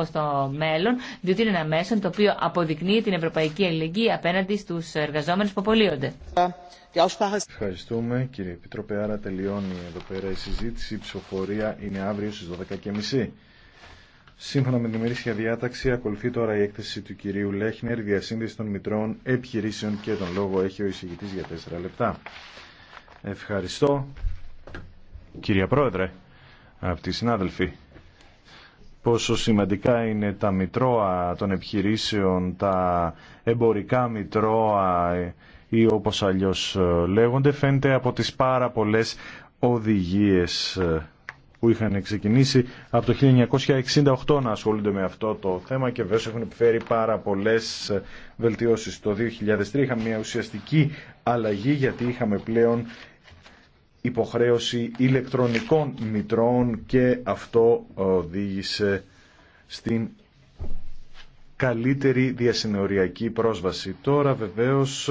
στο μέλλον, διότι είναι ένα μέσο το οποίο αποδεικνύει την ευρωπαϊκή ελληνική απέναντι στου εργαζόμενου που απολύονται. Ευχαριστούμε κύριε Επιτροπέ. Άρα τελειώνει εδώ πέρα η συζήτηση. Η ψηφοφορία είναι αύριο στις 12.30. Σύμφωνα με την ημερήσια διάταξη, ακολουθεί τώρα η έκθεση του κυρίου Λέχνερ, διασύνδεση των μητρών επιχειρήσεων και τον λόγο έχει ο εισηγητή για 4 λεπτά. Ευχαριστώ. Κυρία Πρόεδρε, αγαπητοί συνάδελφοι, πόσο σημαντικά είναι τα μητρώα των επιχειρήσεων, τα εμπορικά μητρώα ή όπως αλλιώς ε, λέγονται, φαίνεται από τις πάρα πολλές οδηγίες ε, που είχαν ξεκινήσει από το 1968 να ασχολούνται με αυτό το θέμα και βέβαια έχουν επιφέρει πάρα πολλές ε, βελτιώσεις. Το 2003 είχαμε μια ουσιαστική αλλαγή γιατί είχαμε πλέον υποχρέωση ηλεκτρονικών μητρών και αυτό οδήγησε στην καλύτερη διασυνοριακή πρόσβαση. Τώρα βεβαίως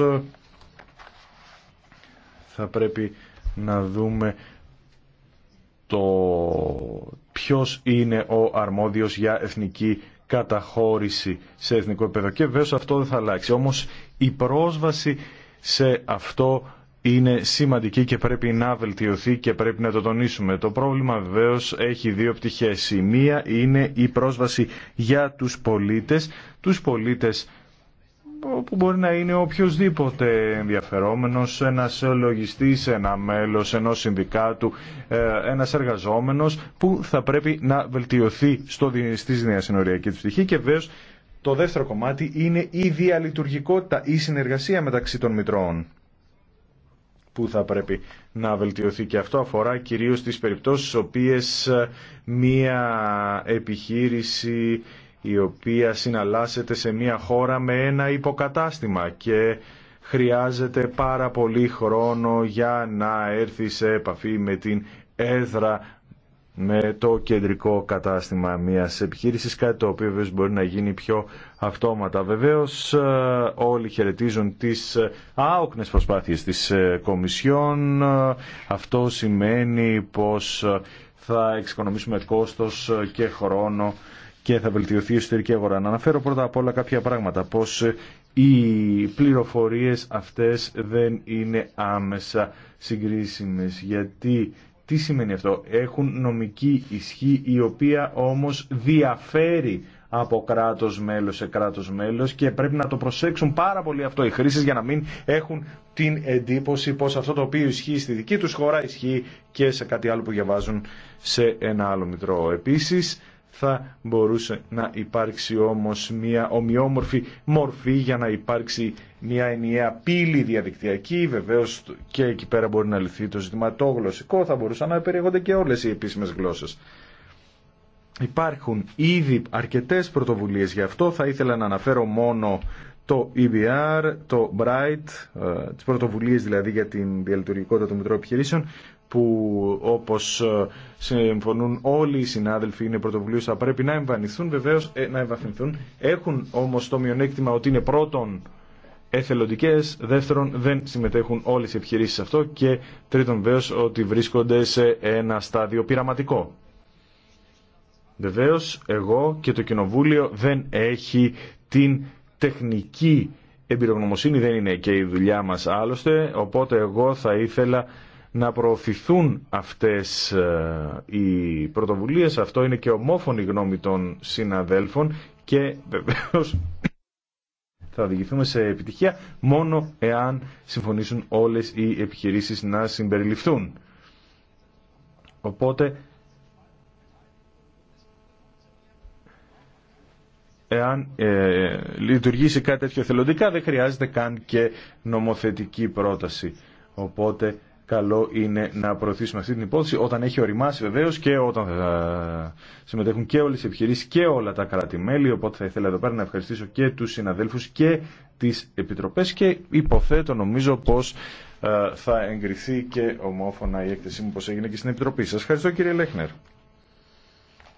θα πρέπει να δούμε το ποιος είναι ο αρμόδιος για εθνική καταχώρηση σε εθνικό επίπεδο. Και βέβαια αυτό δεν θα αλλάξει. Όμως η πρόσβαση σε αυτό είναι σημαντική και πρέπει να βελτιωθεί και πρέπει να το τονίσουμε. Το πρόβλημα βεβαίω έχει δύο πτυχές. Η μία είναι η πρόσβαση για τους πολίτες, τους πολίτες που μπορεί να είναι οποιοδήποτε ενδιαφερόμενος, ένα λογιστής, ένα μέλος ενός συνδικάτου, ε, ένα εργαζόμενος που θα πρέπει να βελτιωθεί στο, στη συνοριακή του πτυχή και βεβαίω το δεύτερο κομμάτι είναι η διαλειτουργικότητα, η συνεργασία μεταξύ των μητρώων που θα πρέπει να βελτιωθεί και αυτό αφορά κυρίως τις περιπτώσεις οποίες ε, μία επιχείρηση η οποία συναλλάσσεται σε μία χώρα με ένα υποκατάστημα και χρειάζεται πάρα πολύ χρόνο για να έρθει σε επαφή με την έδρα με το κεντρικό κατάστημα μιας επιχείρησης, κάτι το οποίο βέβαια μπορεί να γίνει πιο αυτόματα. Βεβαίως ε, όλοι χαιρετίζουν τις ε, άοκνες προσπάθειες της ε, Κομισιόν. Αυτό σημαίνει πως θα εξοικονομήσουμε κόστος και χρόνο και θα βελτιωθεί η εσωτερική αγορά. Να αναφέρω πρώτα απ' όλα κάποια πράγματα, πως οι πληροφορίες αυτές δεν είναι άμεσα συγκρίσιμες, γιατί τι σημαίνει αυτό. Έχουν νομική ισχύ η οποία όμως διαφέρει από κράτος μέλος σε κράτος μέλος και πρέπει να το προσέξουν πάρα πολύ αυτό οι χρήσεις για να μην έχουν την εντύπωση πως αυτό το οποίο ισχύει στη δική τους χώρα ισχύει και σε κάτι άλλο που διαβάζουν σε ένα άλλο μητρό. Επίσης θα μπορούσε να υπάρξει όμως μια ομοιόμορφη μορφή για να υπάρξει μια ενιαία πύλη διαδικτυακή. Βεβαίως και εκεί πέρα μπορεί να λυθεί το γλωσσικό. Θα μπορούσαν να περιέχονται και όλες οι επίσημες γλώσσες. Υπάρχουν ήδη αρκετές πρωτοβουλίες γι' αυτό. Θα ήθελα να αναφέρω μόνο το EBR, το Bright, ε, τις πρωτοβουλίες δηλαδή για την διαλειτουργικότητα των μητρώων επιχειρήσεων, που όπως ε, συμφωνούν όλοι οι συνάδελφοι είναι πρωτοβουλίους θα πρέπει να εμφανιστούν βεβαίως ε, να εμβαθυνθούν έχουν όμως το μειονέκτημα ότι είναι πρώτον εθελοντικές, δεύτερον δεν συμμετέχουν όλες οι επιχειρήσεις σε αυτό και τρίτον βεβαίω ότι βρίσκονται σε ένα στάδιο πειραματικό. Βεβαίω, εγώ και το Κοινοβούλιο δεν έχει την τεχνική εμπειρογνωμοσύνη, δεν είναι και η δουλειά μας άλλωστε, οπότε εγώ θα ήθελα να προωθηθούν αυτές ε, οι πρωτοβουλίες. Αυτό είναι και ομόφωνη γνώμη των συναδέλφων και βεβαίως θα οδηγηθούμε σε επιτυχία μόνο εάν συμφωνήσουν όλες οι επιχειρήσεις να συμπεριληφθούν. Οπότε, εάν ε, λειτουργήσει κάτι τέτοιο θελοντικά δεν χρειάζεται καν και νομοθετική πρόταση. Οπότε καλό είναι να προωθήσουμε αυτή την υπόθεση όταν έχει οριμάσει βεβαίω και όταν θα συμμετέχουν και όλε οι επιχειρήσει και όλα τα κράτη-μέλη. Οπότε θα ήθελα εδώ πέρα να ευχαριστήσω και του συναδέλφου και τι επιτροπέ και υποθέτω νομίζω πω ε, θα εγκριθεί και ομόφωνα η έκθεσή μου πώ έγινε και στην Επιτροπή. Σα ευχαριστώ κύριε Λέχνερ.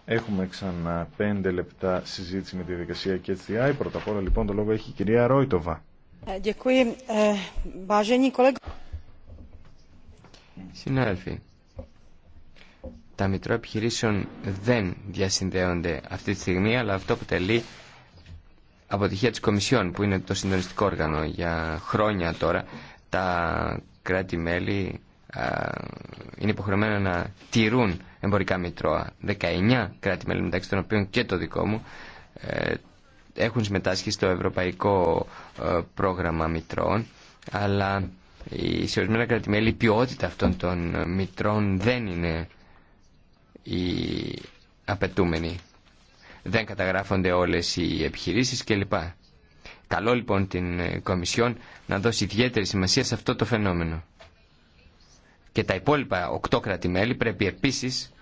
Έχουμε ξανά πέντε λεπτά συζήτηση με τη διαδικασία και έτσι. Πρώτα απ' όλα λοιπόν το λόγο έχει η κυρία Ρόιτοβα. Ε, Συνάδελφοι, τα μητρώα επιχειρήσεων δεν διασυνδέονται αυτή τη στιγμή, αλλά αυτό αποτελεί αποτυχία της Κομισιόν, που είναι το συντονιστικό όργανο για χρόνια τώρα. Τα κράτη-μέλη είναι υποχρεωμένα να τηρούν εμπορικά μητρώα. 19 κράτη-μέλη, μεταξύ των οποίων και το δικό μου, ε, έχουν συμμετάσχει στο ευρωπαϊκό ε, πρόγραμμα μητρώων, αλλά η, σε ορισμένα κρατημέλη η ποιότητα αυτών των ε, μητρών δεν είναι η απαιτούμενη. Δεν καταγράφονται όλες οι επιχειρήσεις κλπ. Καλό λοιπόν την ε, Κομισιόν να δώσει ιδιαίτερη σημασία σε αυτό το φαινόμενο. Και τα υπόλοιπα οκτώ πρέπει επίσης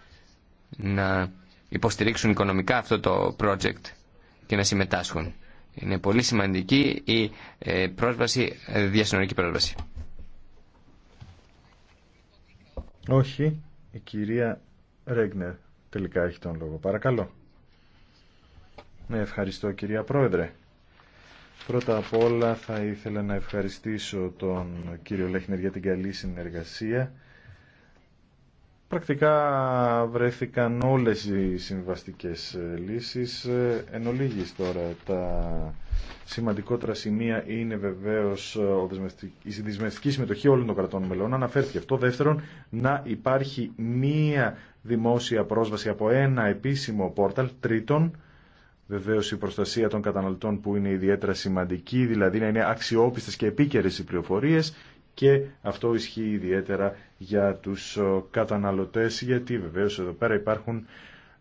να υποστηρίξουν οικονομικά αυτό το project και να συμμετάσχουν. Είναι πολύ σημαντική η ε, πρόσβαση, διασυνορική πρόσβαση. Όχι, η κυρία Ρέγνερ τελικά έχει τον λόγο. Παρακαλώ. Ναι, ευχαριστώ κυρία Πρόεδρε. Πρώτα απ' όλα θα ήθελα να ευχαριστήσω τον κύριο Λέχνερ για την καλή συνεργασία πρακτικά βρέθηκαν όλες οι συμβαστικές ε, λύσεις. Ε, εν ολίγης τώρα τα σημαντικότερα σημεία είναι βεβαίως ε, η συνδυσμευτική συμμετοχή όλων των κρατών μελών. Αναφέρθηκε αυτό. Δεύτερον, να υπάρχει μία δημόσια πρόσβαση από ένα επίσημο πόρταλ. Τρίτον, βεβαίω η προστασία των καταναλωτών που είναι ιδιαίτερα σημαντική, δηλαδή να είναι αξιόπιστες και επίκαιρες οι πληροφορίες και αυτό ισχύει ιδιαίτερα για τους ε, καταναλωτές γιατί βεβαίως εδώ πέρα υπάρχουν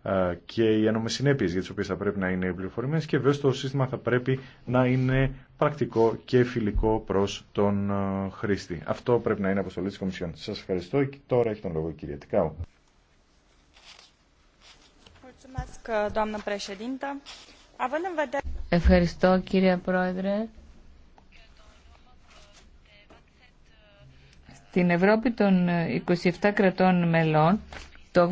ε, και οι ένομες συνέπειες για τις οποίες θα πρέπει να είναι πληροφορημένες και βέβαια το σύστημα θα πρέπει να είναι πρακτικό και φιλικό προς τον ε, χρήστη. Αυτό πρέπει να είναι αποστολή της Κομισιόν. Σας ευχαριστώ και τώρα έχει τον λόγο η κυρία Τικάου. Ευχαριστώ κύριε Πρόεδρε. την Ευρώπη των 27 ε, κρατών μελών, το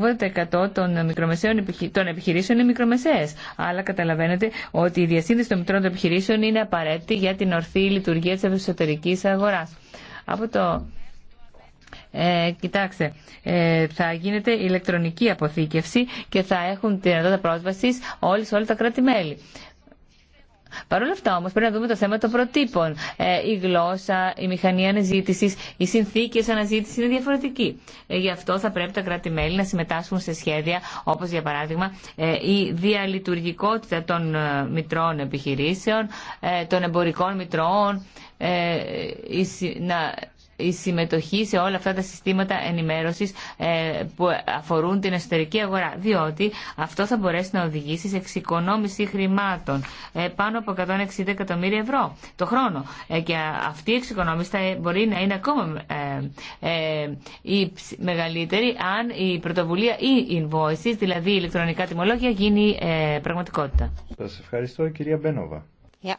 80% των, ε, μικρομεσαίων, των επιχειρήσεων είναι μικρομεσαίες. Αλλά καταλαβαίνετε ότι η διασύνδεση των μικρών των επιχειρήσεων είναι απαραίτητη για την ορθή λειτουργία της εσωτερικής αγοράς. Από το... Ε, κοιτάξτε, ε, θα γίνεται ηλεκτρονική αποθήκευση και θα έχουν τη δυνατότητα πρόσβαση όλοι σε όλα τα κράτη-μέλη. Παρ' όλα αυτά όμω, πρέπει να δούμε το θέμα των προτύπων. Ε, η γλώσσα, η μηχανή αναζήτηση, οι συνθήκε αναζήτηση είναι διαφορετικοί. Ε, γι' αυτό θα πρέπει τα κράτη-μέλη να συμμετάσχουν σε σχέδια όπως για παράδειγμα ε, η διαλειτουργικότητα των μητρών επιχειρήσεων, των εμπορικών μητρών, να η συμμετοχή σε όλα αυτά τα συστήματα ενημέρωσης ε, που αφορούν την εσωτερική αγορά. Διότι αυτό θα μπορέσει να οδηγήσει σε εξοικονόμηση χρημάτων ε, πάνω από 160 εκατομμύρια ευρώ το χρόνο. Ε, και αυτή η εξοικονόμηση θα μπορεί να είναι ακόμα η μεγαλύτερη αν η πρωτοβουλια η e-invoices, δηλαδή η ηλεκτρονικά τιμολόγια, γίνει πραγματικότητα. Σας ευχαριστώ κυρία Μπένοβα. Yeah.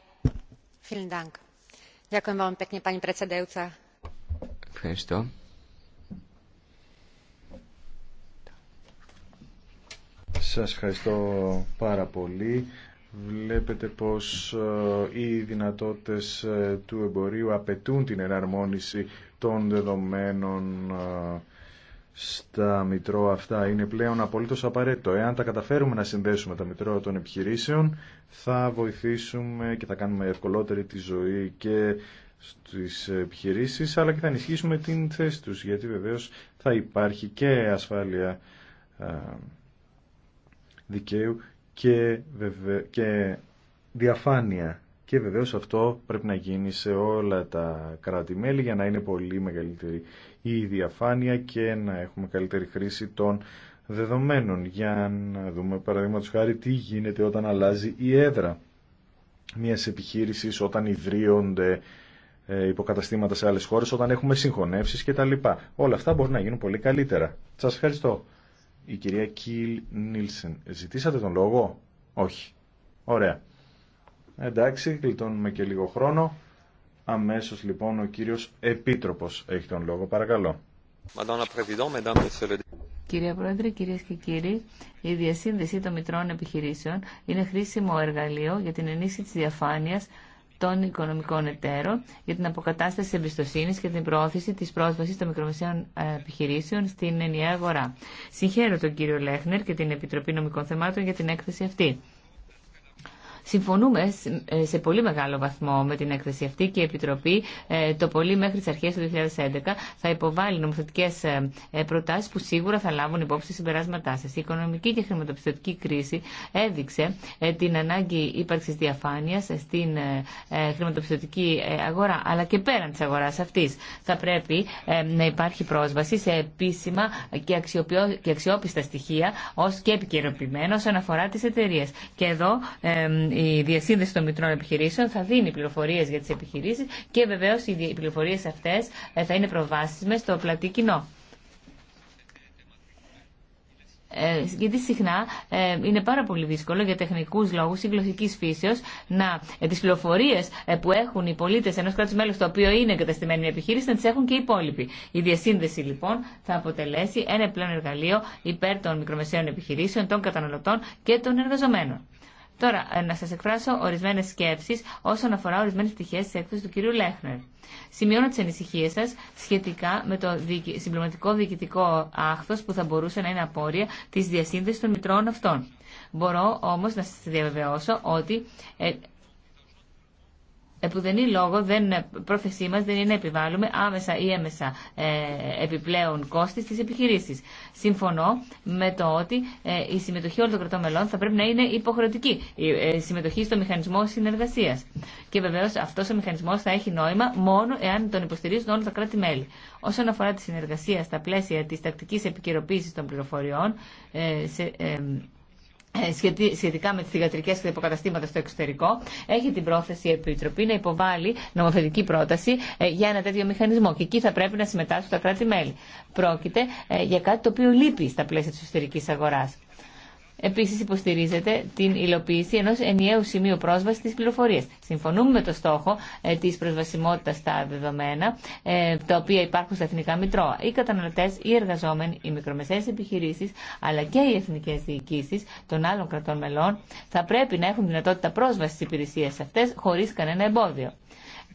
Vielen Dank. pani Ευχαριστώ. Σας ευχαριστώ πάρα πολύ. Βλέπετε πως ε, οι δυνατότητες ε, του εμπορίου απαιτούν την εναρμόνιση των δεδομένων ε, στα μητρώα αυτά. Είναι πλέον απολύτως απαραίτητο. Εάν τα καταφέρουμε να συνδέσουμε τα μητρώα των επιχειρήσεων, θα βοηθήσουμε και θα κάνουμε ευκολότερη τη ζωή και στις επιχειρήσεις αλλά και θα ενισχύσουμε την θέση τους γιατί βεβαίως θα υπάρχει και ασφάλεια δικαίου και, και διαφάνεια και βεβαίως αυτό πρέπει να γίνει σε όλα τα κράτη-μέλη για να είναι πολύ μεγαλύτερη η διαφάνεια και να έχουμε καλύτερη χρήση των δεδομένων για να δούμε παραδείγματο χάρη τι γίνεται όταν αλλάζει η έδρα μιας επιχείρησης όταν ιδρύονται ε, υποκαταστήματα σε άλλες χώρες όταν έχουμε συγχωνεύσεις λοιπά. Όλα αυτά μπορούν να γίνουν πολύ καλύτερα. Σας ευχαριστώ. Η κυρία Κιλ Νίλσεν. Ζητήσατε τον λόγο? Όχι. Ωραία. Εντάξει, γλιτώνουμε και λίγο χρόνο. Αμέσως λοιπόν ο κύριος Επίτροπος έχει τον λόγο. Παρακαλώ. Κυρία Πρόεδρε, κυρίε και κύριοι, η διασύνδεση των μητρών επιχειρήσεων είναι χρήσιμο εργαλείο για την ενίσχυση τη διαφάνεια των οικονομικών εταίρων για την αποκατάσταση εμπιστοσύνη και την προώθηση τη πρόσβαση των μικρομεσαίων ε, επιχειρήσεων στην ενιαία αγορά. Συγχαίρω τον κύριο Λέχνερ και την Επιτροπή Νομικών Θεμάτων για την έκθεση αυτή. Συμφωνούμε ε, σε πολύ μεγάλο βαθμό με την έκθεση αυτή και η Επιτροπή ε, το πολύ μέχρι τι αρχέ του 2011 θα υποβάλει νομοθετικέ ε, προτάσεις που σίγουρα θα λάβουν υπόψη συμπεράσματά σα. Η οικονομική και χρηματοπιστωτική κρίση έδειξε την ανάγκη ύπαρξη διαφάνειας στην χρηματοπιστωτική αγορά αλλά και πέραν τη αγορά, αυτή. Θα πρέπει να υπάρχει πρόσβαση σε επίσημα και αξιόπιστα στοιχεία ως και επικαιροποιημένα όσον αφορά τις εταιρείε. Και εδώ η διασύνδεση των μητρών επιχειρήσεων θα δίνει πληροφορίε για τι επιχειρήσει και βεβαίω οι πληροφορίε αυτέ ε, θα είναι προβάσιμε στο πλατή κοινό. Ε, γιατί συχνά ε, είναι πάρα πολύ δύσκολο για τεχνικού λόγου ή γλωσσική φύσεω να ε, τι πληροφορίε ε, που έχουν οι πολίτε ενό κράτου μέλου το οποίο είναι εγκαταστημένη μια επιχείρηση να τι έχουν και οι υπόλοιποι. Η διασύνδεση λοιπόν θα αποτελέσει ένα πλέον εργαλείο υπέρ των μικρομεσαίων επιχειρήσεων, των καταναλωτών και των εργαζομένων. Τώρα, ε, να σα εκφράσω ορισμένε σκέψει όσον αφορά ορισμένε πτυχέ τη έκθεση του κυρίου Λέχνερ. Σημειώνω τι ανησυχίε σα σχετικά με το συμπληρωματικό διοικητικό άχθο που θα μπορούσε να είναι απόρρια τη διασύνδεση των μητρών αυτών. Μπορώ όμω να σα διαβεβαιώσω ότι ε, επουδενή λόγο δεν, πρόθεσή μα δεν είναι να επιβάλλουμε άμεσα ή έμεσα ε, επιπλέον κόστη στις επιχειρήσεις. Συμφωνώ με το ότι ε, η συμμετοχή όλων των κρατών μελών θα πρέπει να είναι υποχρεωτική. Η ε, συμμετοχή στο μηχανισμό συνεργασίας. Και βεβαίως αυτός ο μηχανισμός θα έχει νόημα μόνο εάν τον υποστηρίζουν όλα τα κράτη-μέλη. Όσον αφορά τη συνεργασία στα πλαίσια τη τακτική επικαιροποίηση των πληροφοριών, σε, ε, σχετικά με τις θηγατρικέ και τα υποκαταστήματα στο εξωτερικό, έχει την πρόθεση η Επιτροπή να υποβάλει νομοθετική πρόταση ε, για ένα τέτοιο μηχανισμό. Και εκεί θα πρέπει να συμμετάσχουν τα κράτη-μέλη. Πρόκειται ε, για κάτι το οποίο λείπει στα πλαίσια της εσωτερική αγοράς. Επίση, υποστηρίζεται την υλοποίηση ενό ενιαίου σημείου πρόσβαση τη πληροφορία. Συμφωνούμε με το στόχο ε, τη προσβασιμότητα στα δεδομένα, ε, τα οποία υπάρχουν στα εθνικά μητρώα. Οι καταναλωτέ, οι εργαζόμενοι, οι μικρομεσαίε επιχειρήσει, αλλά και οι εθνικέ διοικήσει των άλλων κρατών μελών θα πρέπει να έχουν δυνατότητα πρόσβαση στι υπηρεσίε αυτέ χωρί κανένα εμπόδιο.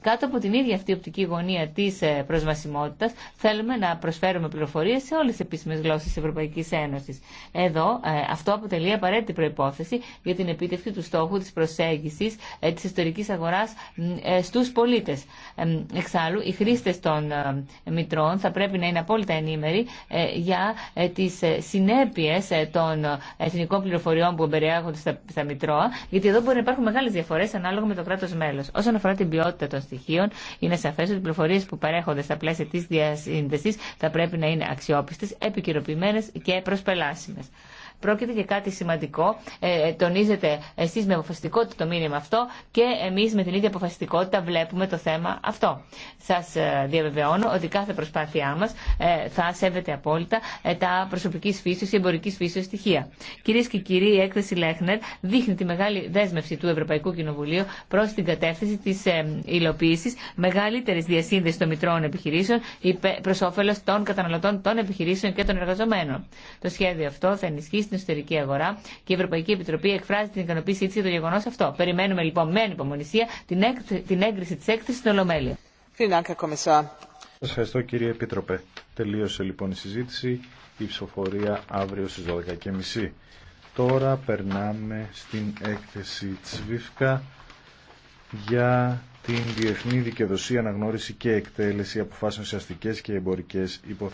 Κάτω από την ίδια αυτή οπτική γωνία τη ε, προσβασιμότητα, θέλουμε να προσφέρουμε πληροφορίε σε όλε τι επίσημε γλώσσε τη Ευρωπαϊκή Ένωση. Εδώ, ε, αυτό αποτελεί απαραίτητη προπόθεση για την επίτευξη του στόχου τη προσέγγιση ε, τη ιστορική αγορά στου πολίτε. Εξάλλου, οι χρήστε των μητρών θα πρέπει να είναι απόλυτα ενήμεροι για τι συνέπειε των εθνικών πληροφοριών που εμπεριέχονται στα μητρώα, γιατί εδώ μπορεί να υπάρχουν μεγάλε διαφορέ ανάλογα με το κράτο μέλο. Όσον αφορά την ποιότητα των στοιχείων, είναι σαφέ ότι οι πληροφορίε που παρέχονται στα πλαίσια τη διασύνδεση θα πρέπει να είναι αξιόπιστε, επικυρωποιημένε και προσπελάσιμε. Πρόκειται για κάτι σημαντικό. Ε, ε τονίζετε εσεί με αποφασιστικότητα το μήνυμα αυτό και εμεί με την ίδια αποφασιστικότητα βλέπουμε το θέμα αυτό. Σα ε, διαβεβαιώνω ότι κάθε προσπάθειά μα ε, θα σέβεται απόλυτα τα προσωπική φύσεω ή εμπορική φύσεω στοιχεία. Κυρίε και κύριοι, η έκθεση Λέχνερ δείχνει τη μεγάλη δέσμευση του Ευρωπαϊκού Κοινοβουλίου προ την κατεύθυνση τη υλοποίηση μεγαλύτερη διασύνδεση των μητρών επιχειρήσεων προ όφελο των καταναλωτών, των επιχειρήσεων και των εργαζομένων. Το σχέδιο αυτό θα ενισχύσει στην εσωτερική αγορά και η Ευρωπαϊκή Επιτροπή εκφράζει την ικανοποίησή τη για το γεγονό αυτό. Περιμένουμε λοιπόν με ανυπομονησία την έγκριση τη έκθεση στην Ολομέλεια. Σα ευχαριστώ κύριε Επίτροπε. Τελείωσε λοιπόν η συζήτηση. Η ψηφοφορία αύριο στις 12.30. Τώρα περνάμε στην έκθεση ΒΙΦΚΑ για την διεθνή δικαιοδοσία, αναγνώριση και εκτέλεση αποφάσεων ουσιαστικέ και εμπορικέ υποθέσει.